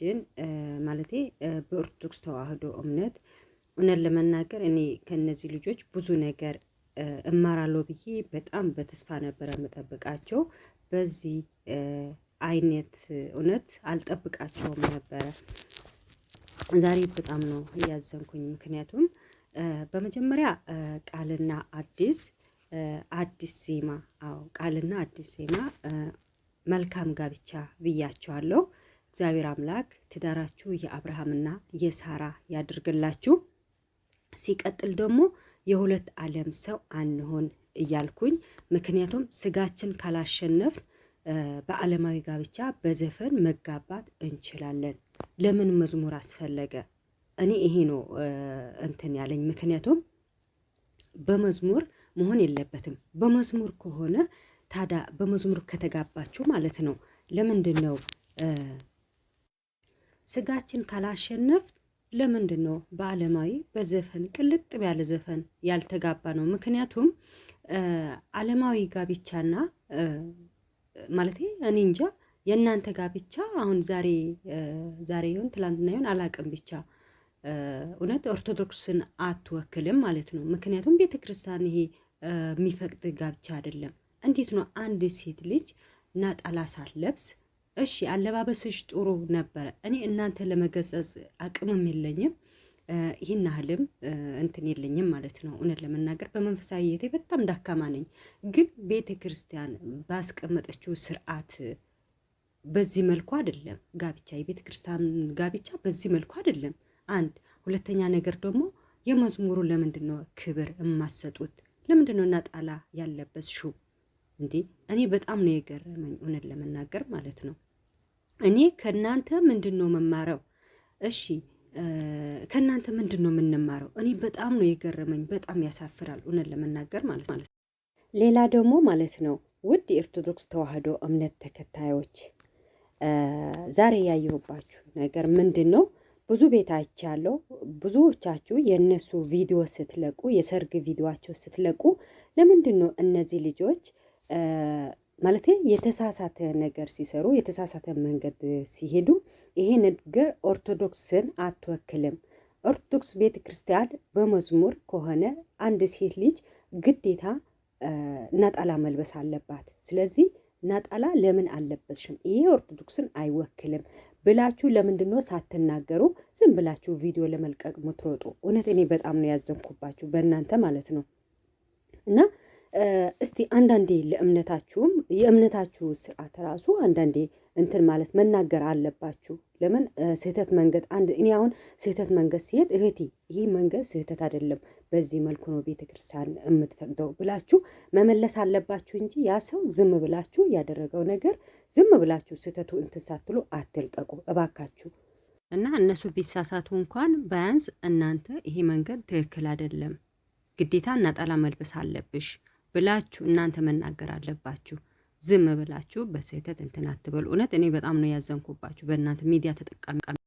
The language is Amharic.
እህቶቻችን ማለቴ በኦርቶዶክስ ተዋህዶ እምነት እውነት ለመናገር እኔ ከነዚህ ልጆች ብዙ ነገር እማራለሁ ብዬ በጣም በተስፋ ነበረ የምጠብቃቸው። በዚህ አይነት እውነት አልጠብቃቸውም ነበረ። ዛሬ በጣም ነው እያዘንኩኝ። ምክንያቱም በመጀመሪያ ቃልና አዲስ አዲስ ዜማ አዎ ቃልና አዲስ ዜማ መልካም ጋብቻ ብያቸዋለሁ። እግዚአብሔር አምላክ ትዳራችሁ የአብርሃምና የሳራ ያድርግላችሁ። ሲቀጥል ደግሞ የሁለት ዓለም ሰው አንሆን እያልኩኝ ምክንያቱም ስጋችን ካላሸነፍ በዓለማዊ ጋብቻ በዘፈን መጋባት እንችላለን። ለምን መዝሙር አስፈለገ? እኔ ይሄ ነው እንትን ያለኝ። ምክንያቱም በመዝሙር መሆን የለበትም። በመዝሙር ከሆነ ታዲያ በመዝሙር ከተጋባችሁ ማለት ነው ለምንድን ነው ስጋችን ካላሸነፍ ለምንድን ነው በዓለማዊ በዘፈን ቅልጥ ያለ ዘፈን ያልተጋባ ነው? ምክንያቱም ዓለማዊ ጋብቻና ማለት እኔ እንጃ የእናንተ ጋብቻ አሁን ዛሬ ዛሬ ይሁን ትላንትና ይሁን አላቅም፣ ብቻ እውነት ኦርቶዶክስን አትወክልም ማለት ነው። ምክንያቱም ቤተ ክርስቲያን ይሄ የሚፈቅድ ጋብቻ አይደለም። እንዴት ነው አንድ ሴት ልጅ ናጣላ ሳትለብስ እሺ አለባበስሽ ጥሩ ነበረ። እኔ እናንተ ለመገሰጽ አቅምም የለኝም ይህን ያህልም እንትን የለኝም ማለት ነው። እውነት ለመናገር በመንፈሳዊ ሕይወቴ በጣም ዳካማ ነኝ። ግን ቤተ ክርስቲያን ባስቀመጠችው ስርዓት በዚህ መልኩ አይደለም ጋብቻ፣ የቤተ ክርስቲያን ጋብቻ በዚህ መልኩ አይደለም። አንድ ሁለተኛ ነገር ደግሞ የመዝሙሩ ለምንድን ነው ክብር የማሰጡት? ለምንድን ነው ነጠላ ያለበስሽው? እንዴ እኔ በጣም ነው የገረመኝ እውነት ለመናገር ማለት ነው። እኔ ከእናንተ ምንድን ነው መማረው? እሺ ከእናንተ ምንድን ነው የምንማረው? እኔ በጣም ነው የገረመኝ። በጣም ያሳፍራል እውነት ለመናገር ማለት ነው። ሌላ ደግሞ ማለት ነው ውድ የኦርቶዶክስ ተዋህዶ እምነት ተከታዮች ዛሬ ያየሁባችሁ ነገር ምንድን ነው? ብዙ ቤት አይቻለሁ። ብዙዎቻችሁ የእነሱ ቪዲዮ ስትለቁ፣ የሰርግ ቪዲዮቸው ስትለቁ ለምንድን ነው እነዚህ ልጆች ማለት የተሳሳተ ነገር ሲሰሩ የተሳሳተ መንገድ ሲሄዱ ይሄ ነገር ኦርቶዶክስን አትወክልም። ኦርቶዶክስ ቤተ ክርስቲያን በመዝሙር ከሆነ አንድ ሴት ልጅ ግዴታ ነጠላ መልበስ አለባት። ስለዚህ ነጠላ ለምን አለበስሽም? ይሄ ኦርቶዶክስን አይወክልም ብላችሁ ለምንድነው ሳትናገሩ ዝም ብላችሁ ቪዲዮ ለመልቀቅ ምትሮጡ? እውነት እኔ በጣም ነው ያዘንኩባችሁ በእናንተ ማለት ነው እና እስቲ አንዳንዴ ለእምነታችሁም የእምነታችሁ ስርዓት ራሱ አንዳንዴ እንትን ማለት መናገር አለባችሁ። ለምን ስህተት መንገድ አንድ እኔ አሁን ስህተት መንገድ ሲሄድ እህቴ ይህ መንገድ ስህተት አይደለም፣ በዚህ መልኩ ነው ቤተ ክርስቲያን የምትፈቅደው ብላችሁ መመለስ አለባችሁ እንጂ ያ ሰው ዝም ብላችሁ ያደረገው ነገር ዝም ብላችሁ ስህተቱ እንትን ሳትሉ አትልቀቁ እባካችሁ። እና እነሱ ቢሳሳቱ እንኳን ቢያንስ እናንተ ይሄ መንገድ ትክክል አይደለም፣ ግዴታ ነጠላ መልበስ አለብሽ ብላችሁ እናንተ መናገር አለባችሁ። ዝም ብላችሁ በስህተት እንትን አትበሉ። እውነት እኔ በጣም ነው ያዘንኩባችሁ። በእናንተ ሚዲያ ተጠቃሚ